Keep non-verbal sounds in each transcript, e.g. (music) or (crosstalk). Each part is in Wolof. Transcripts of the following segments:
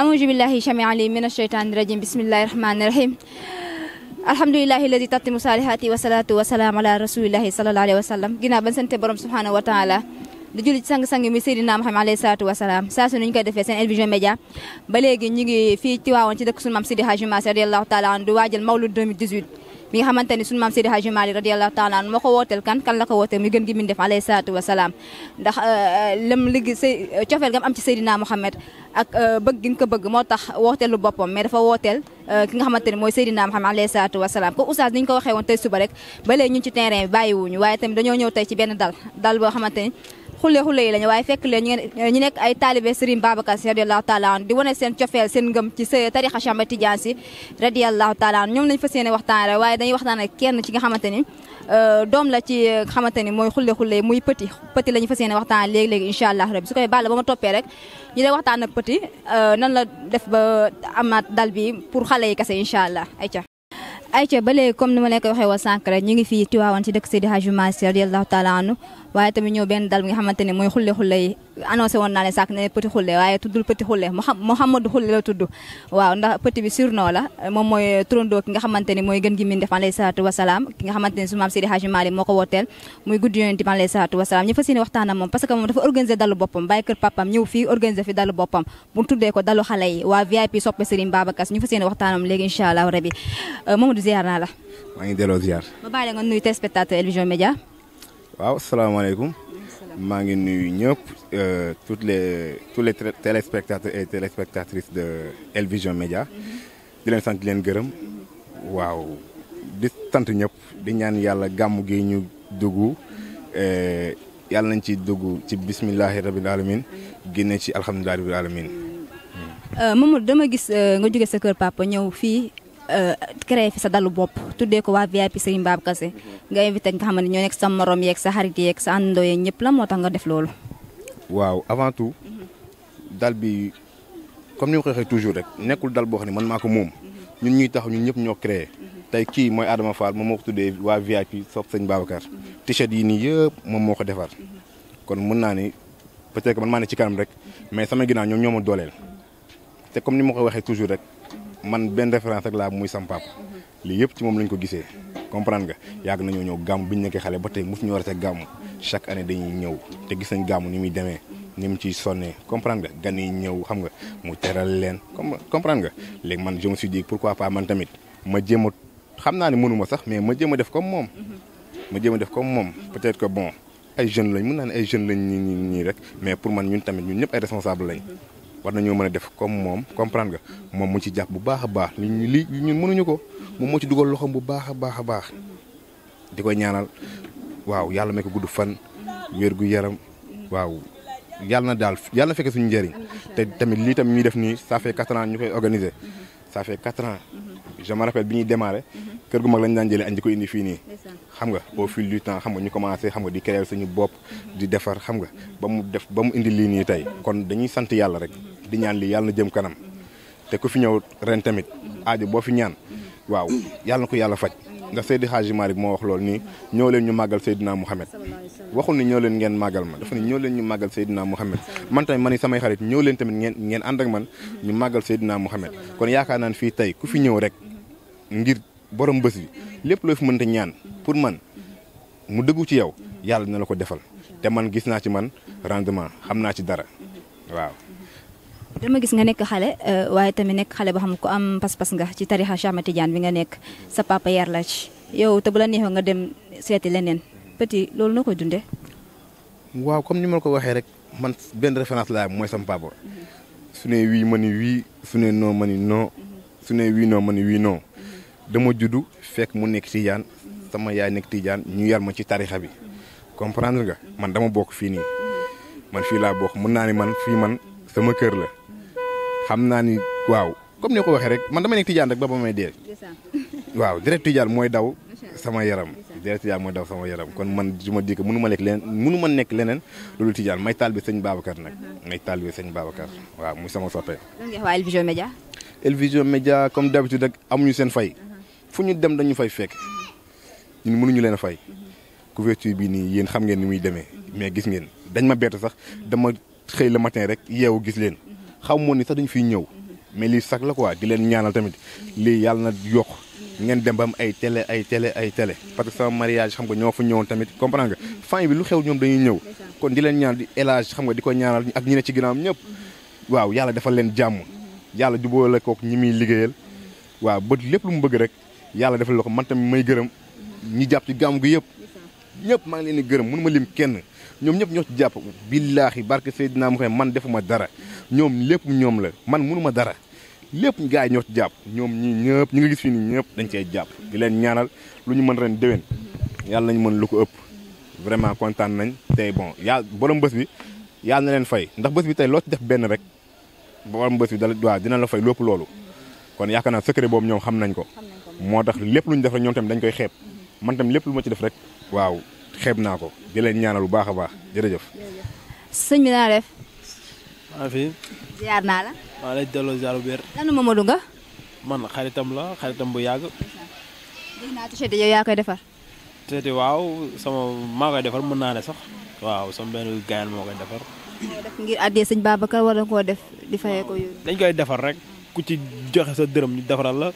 أعوذ بالله شميع عليم من الشيطان الرجيم بسم الله الرحمن الرحيم الحمد لله الذي تتم صالحاتي والصلاة والسلام على رسول الله صلى الله عليه وسلم ginnaaw ban sant borom subhanahu wa taala di julli ci sang-sang mi Seydina Muhammad alayhi salaatu wasalaam saa su ñu koy defee seen El Vision Médias ba léegi ñu ngi fii Tiwaawoon ci dëkk sunu maam Sidi Hadji Malick radiyallahu taala an du waajal mawlud 2018 mi nga xamante ni sunu maam Seydi Hadji Malick radiyallahu taala moo ko wooteel kan kan la ko wooteel mi gën gi min def alayhi euh, euh, gam am ci Seydina Mouhamed ak euh, bëgg gi nga ko bëgg moo tax wooteelu boppam mais dafa wooteel ki nga xamante ni mooy Seydina Mouhamed alayhi salaatu wasalaam ko oustaz ni ñu ko waxee woon tey suba rek ba léegi ci terrain bi bàyyiwuñu waaye tamit dañoo ñëw tey ci benn dal dal boo xamante ni xule xule yi lañu waaye fekk leen ñu nekk ay taalibe Serigne Babacar Sy radiallahu taala an di wane seen cofeel seen ngëm ci sa tarixa Cheikh Tidiane Sy radiallahu taala ñoom lañ fas yéene waxtaan rek waaye dañuy waxtaan ak kenn ci nga xamante ni euh, doom la ci euh, ni mooy xule xule yi muy petit petit la ñu fas yéene waxtaan léegi-léegi incha allah rabbi su koy bàll ba ma toppee rek ñu dee waxtaan ak petit euh, nan la def ba amaat dal bi pour xale yi kase incha allah ay ayca ba léegi comme ni ma nekk waxee woon sànq rek ñu ngi fii Tiwaawan ci dëkk Seydi Hadji Malick radiallahu taala waaye tamit ñëw benn dal bi nga mooy xulle xulle yi annoncé woon naa leen sàkk ne petit xulle waaye tuddul petit xulle Mouhamadou xulle la tudd waaw ndax petit bi surnom la moom mooy turandoo ki nga xamante mooy gën gi min def alayhi salaatu wasalaam ki nga xamante ne su maam Seydi Hadji Malick moo ko wooteel muy guddi yonent bi alayhi salaatu wasalaam ñu fas yéene waxtaan moom parce que moom dafa organiser dalu boppam bàyyi kër papam ñëw fii organiser fi dalu boppam waaw salaamaaleykum maa ngi nuyu ñëpp euh, tout les tous les téléspectateurs et téléspectatrices de El Média mm-hmm. di leen sant leen gërëm mm-hmm. waaw di sant ñëpp di ñaan yàlla gàmm gi ñu dugg mm-hmm. euh, yàlla nañ ci dugg ci bismillahi rabbil alamin génne ci alhamdulillahi rabbil alamin mm. euh, Mamadou dama gis nga jóge sa kër papa ñëw fii Euh, créé fi sa dalu bopp tuddee ko waa VIP Serigne Babacar Sy mhm. nga invité nga xam ne ñoo nekk sa morom yeeg sa xarit yeeg sa àndandoo yeeg ñëpp la moo tax nga def loolu. waaw avant tout. Mhm. dal bi comme ni ma ko waxee toujours rek nekkul dal boo xam ne man maa ko moom. Mhm. ñun ñuy tax ñun ñëpp ñoo créé. tey kii mooy Adama Fall moom moo tuddee waa VIP sopp sëñ Babacar. t-shirt yi nii yëpp moom moo ko defar. kon mën naa ni peut-être man maa ne ci kanam rek mais sama ginnaaw ñoom ñoo ma dooleel te comme ni ma ko waxee toujours rek. man ben référence rek la muy sam pap li yépp ci mom lañ ko gisee comprendre nga yag nañu ñëw gam biñ nekkee xalé ba tay mosu ñu war a gàmm chaque année dañuy ñëw té gis nañ gàmm ni muy démé ni mu ci sonné comprendre nga gan ñëw xam nga mu téral leen comprendre nga léegi man je me suis dit pourquoi pas man tamit ma jéem a xam naa ne mënuma sax mais ma jéem def comme mom ma jéem def comme mom peut-être que bon ay jeunes lañ mën naa ay jeunes lañ ñi ñii rek mais pour man ñun tamit ñun ñëpp ay responsable lañ war nañoo mën a def comme moom comprendre nga moom mu ci jàpp bu baax a baax li li ñun mënuñu ko moom moo ci dugal loxoom bu baax a baax a baax di ko ñaanal waaw yàlla may ko gudd fan wér gu yaram waaw yàlla na daal yàlla na fekke suñu njëriñ te tamit lii tam ñuy def nii ça fait quatre ans ñu koy organiser ça fait quatre ans je me rappelle bi ñuy démarrer kër gu mag lañ daan jëlee añ di ko indi fii nii. xam nga au fil du temps xam nga ñu commencé xam nga di créer suñu bopp di defar xam nga ba mu def ba mu indi lii nii tey kon dañuy sant yàlla rek di ñaan lii yàlla na jëm kanam te ku fi ñëw ren tamit aajo boo fi ñaan waaw yàlla ko yàlla faj ndax Seydi Hadji Malick moo wax loolu nii ñoo leen ñu màggal Seydina Mouhamed waxul ni ñoo leen ngeen màggal ma dafa ni ñoo leen ñu màggal Seydina Mouhamed man tamit man ni samay xarit ñoo leen tamit ngeen ngeen ànd ak man ñu màggal Seydina Mouhamed kon yaakaar naan fii tey ku fi ñëw rek ngir borom bés bi lépp loo fi mënta ñaan pour man mu deggu ci yow yalla dina lako defal te man gis na ci man rendement xamna ci dara waaw dama gis nga nek xalé euh, waye tamit nek xalé boo xam ko am pas-pas nga ci tarixa Chama Tidiane bi nga nek sa papa yar la ci yow te bu la neex nga dem seti lenen petit lolou nako dundé waaw comme ni ma ko waxé rek man ben référence la moy sama papa suné wi mani wi suné non ma non su ne non ma ni non dama juddou fekk mu nek ci yane sama yaay nekk tiijaan ñu yar ma ci tarixa bi comprendre nga man dama bokk fii nii man fii laa bokk mën naa ni man fii man sama kër la xam naa ni waaw comme ni ko waxee rek man dama nekk Tidiane rek ba ba may dee (laughs) waaw direct Tidiane mooy daw sama yaram direct Tidiane mooy daw sama yaram kon man su ma dikk mënu ma lekk mënu ma nekk leneen loolu Tidiane may taal bi sëñ Babacar nag uh-huh. may taal bi sëñ Babacar waaw muy sama soppe waa El Vision Média El Vision Média comme amuñu seen fay uh-huh. fu ñu dem dañu fay fekk uh-huh. ñun mënuñu leen a fay couverture bi nii yéen xam ngeen ni muy demee mhm. mais gis ngeen dañ ma bett sax mhm. dama xëy le matin rek yeewu gis leen mhm. xam moon ni sax dañu fiy ñëw mais lii sax la quoi di leen ñaanal tamit lii yàlla na yokk ngeen dem ba am ay télé ay télé ay tele parce que sama mariage xam nga ñoo fa ñëwoon tamit comprendre nga famille bi lu xew ñoom dañuy ñëw kon di leen ñaan di élage xam nga di ko ñaanal ak ñi ne ci ginnaawam ñëpp waaw yàlla defal leen jàmm yàlla jubóole kook ñi muy liggéeyal waaw ba lépp rek yàlla defal la ko man tamit may gërëm ñi jàpp ci gàmm gi yëpp ñëpp maa ngi leen di gërëm mënu ma lim kenn ñoom ñëpp ñoo ci jàpp billaahi barke Seydina Muhammad man defuma dara ñoom lépp ñoom la man mënuma dara lépp gars yi ñoo ci jàpp ñoom ñi ñëpp ñi nga gis fii nii ñëpp dañ cee jàpp di leen ñaanal lu ñu mën ren déwén yàlla nañu mën lu ko ëpp vraiment kontaan nañ tey bon yàlla borom bés bi yàlla na leen fay ndax bés bi tey loo ci def benn rek borom bés bi dala waaw dina la fay lépp loolu kon yaakaar naa secret boobu ñoom xam nañ ko moo tax lépp lu ñu def ñoom tamit dañ koy xeeb man tam lépp lu ma ci def rek waaw xeeb naa ko di leen ñaanal bu baax a baax jërëjëf. sëñ bi naa def. maa fi. naa la. maa lay nga. man xaritam la xaritam bu yàgg. dégg yaa koy defar. t waaw sama maa koy defar mën naa ne sax. waaw sama benn gaayan moo koy defar. def ngir àddee sëñ Babacar wala koo def di fayee ko dañ koy defar rek ku ci joxe sa dërëm ñu defaral la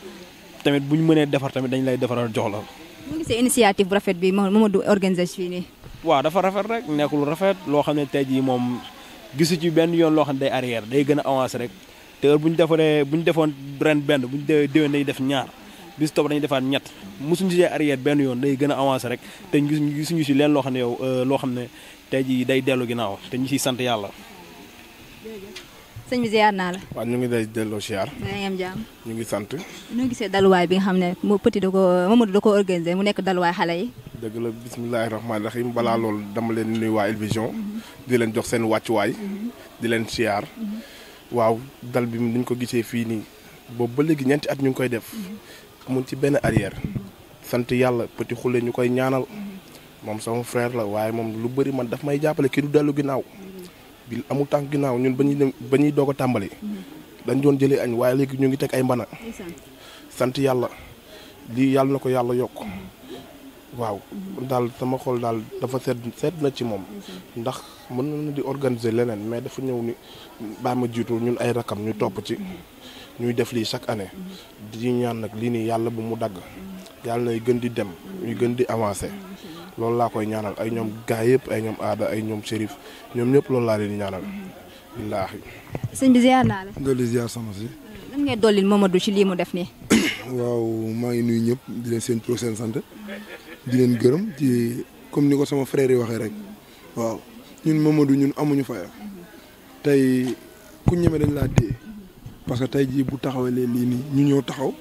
tamit bu ñu mënee defar tamit dañ lay defaral jox la. mu gisee initiative bu rafet bi Mamadou organisation fii nii. waaw dafa rafet rek nekkul rafet loo xam ne tey jii moom gisu ci benn yoon loo xam ne day arrière day gën a avancé rek te heure bu ñu defaree bu ñu defoon ren benn bu ñu déwén dañuy def ñaar bis topp dañuy defaat ñett mosuñu gisee arrière benn yoon day gën a avancé rek te ñu gisuñu si leen loo xam ne yow euh, loo xam ne tey jii day dellu ginnaaw te ñu siy sant yàlla. sëñ bi ziar naa la. waaw ñu ngi day delloo ziar. yaa ngi am jàmm. ñu ngi sant. ñu gisee daluwaay bi nga xam ne mu petit da ko Mamadou da ko organisé mu nekk daluwaay xale yi. dëgg la bisimilahi rahmaani rahim balaa loolu dama leen nuy nuyu waa El mhm. di leen jox seen wàccuwaay. Mhm. di leen ziar. Mhm. waaw dal bi ni ñu ko gisee fii nii boobu ba léegi ñeenti at ñu ngi koy def. mun ci benn arrière. sant yàlla petit xule ñu koy ñaanal. moom sama frère la waaye moom lu bëri man daf may jàppale kii dellu ginnaaw. amul tànk ginnaaw ñun ba ñuy dem ba ñuy doog a tàmbali. Mm-hmm. dañ doon jëlee añ waaye léegi ñu ngi teg ay mbana. sant yàlla lii yàlla na ko yàlla yokk. Mm-hmm. waaw mm-hmm. daal sama xol daal dafa sedd seet na ci moom ndax mën na di organiser leneen mais dafa ñëw ni baa ma jiitu ñun ay rakam ñu topp ci ñuy def lii chaque année di ñaan nag lii nii yàlla bu mu dagg yàlla nay gën di dem ñuy gën di avancer loolu laa koy ñaanal ay ñoom gaay yëpp ay ñoom aada ay ñoom shérif ñoom ñëpp loolu laa leen di ñaanal. billaahi. sëñ bi ziar naa la. dolli ziar sama si. lan ngay dollil Mamadou ci lii mu def nii. (coughs) waaw maa ngi nuyu ñëpp di leen seen tur seen sant di leen gërëm ci comme ni ko sama frère yi waxee rek waaw ñun Mamadou ñun amuñu fayam tey ku ñeme dañ laa téye parce que tey jii bu taxawalee lii nii ñu ñëw taxaw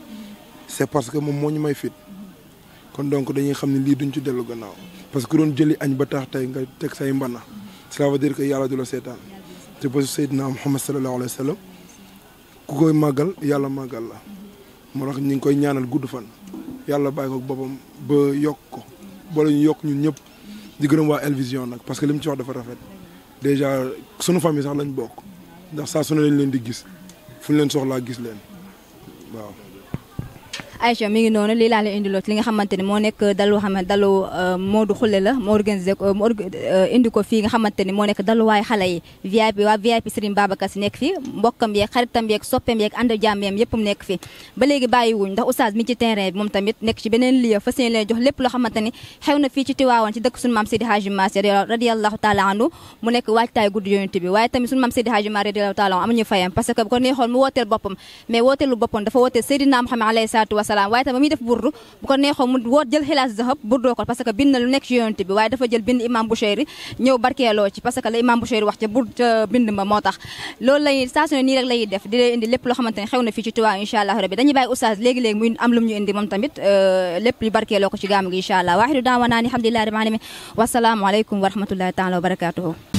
c'est parce que moom moo ñu may fit. kon donc dañuy xam ne lii duñ ci dellu gannaaw parce que ku doon jëli añ ba tax tey nga teg say mbana cela veut dire que yàlla du la seetaan te ba Seydina Muhammad sallallahu alayhi wa sallam ku koy màggal yàlla màggal la moo tax ñu ngi koy ñaanal gudd fan yàlla bàyyi ko boppam ba yokk ko bala ñu yokk ñun ñëpp di gërëm waa El nag parce que lim mu ci wax dafa rafet déjà sunu famille sax lañ bokk ndax saa sunu ne lañ leen di gis fu ñu leen soxlaa gis leen waaw Aïcha mi ngi noonu lii laa la indiloo ci nga xamante ne nekk dalu xam dalu euh, Modou Khoule la mu organisé ko euh, mu euh, indi ko fii nga xamante ne moo nekk daluwaay xale yi VIP waa VIP Serigne Babacar Sy nekk fi mbokkam yeeg xaritam yeeg soppeem yeeg ànd jàmmeem ba léegi bàyyiwuñ ndax oustaz mi ci terrain bi moom tamit nekk ci beneen lieu fas yéene leen jox lépp loo xamante ni xew na fii ci ci dëkk suñu maam Seydi Hadji Malick radiyallahu taala anhu mu nekk waajtaay gudd yonent bi waaye tamit salaam waaye tam ba muy def burdu bu ko neexoo mu woot jël xilaas zahab burdoo ko parce que bind na lu nekk ci yonent bi waaye dafa jël bind imam Bouchayri ñëw barkeeloo ci parce que la imam Bouchayri wax ca bur ca bind ma moo tax loolu lañuy saa su ne nii rek lañuy def di leen indi lépp loo xamante ne xew na fii ci Tuubaa incha allah rabbi dañuy bàyyi oustaz léegi-léegi muy am lu mu ñu indi moom tamit lépp ñu barkeeloo ko ci gàmm gi incha allah waaxidu daawanaa ni alhamdulillahi rabbil alamin wasalaamu aleykum wa rahmatullahi taala wa barakatuhu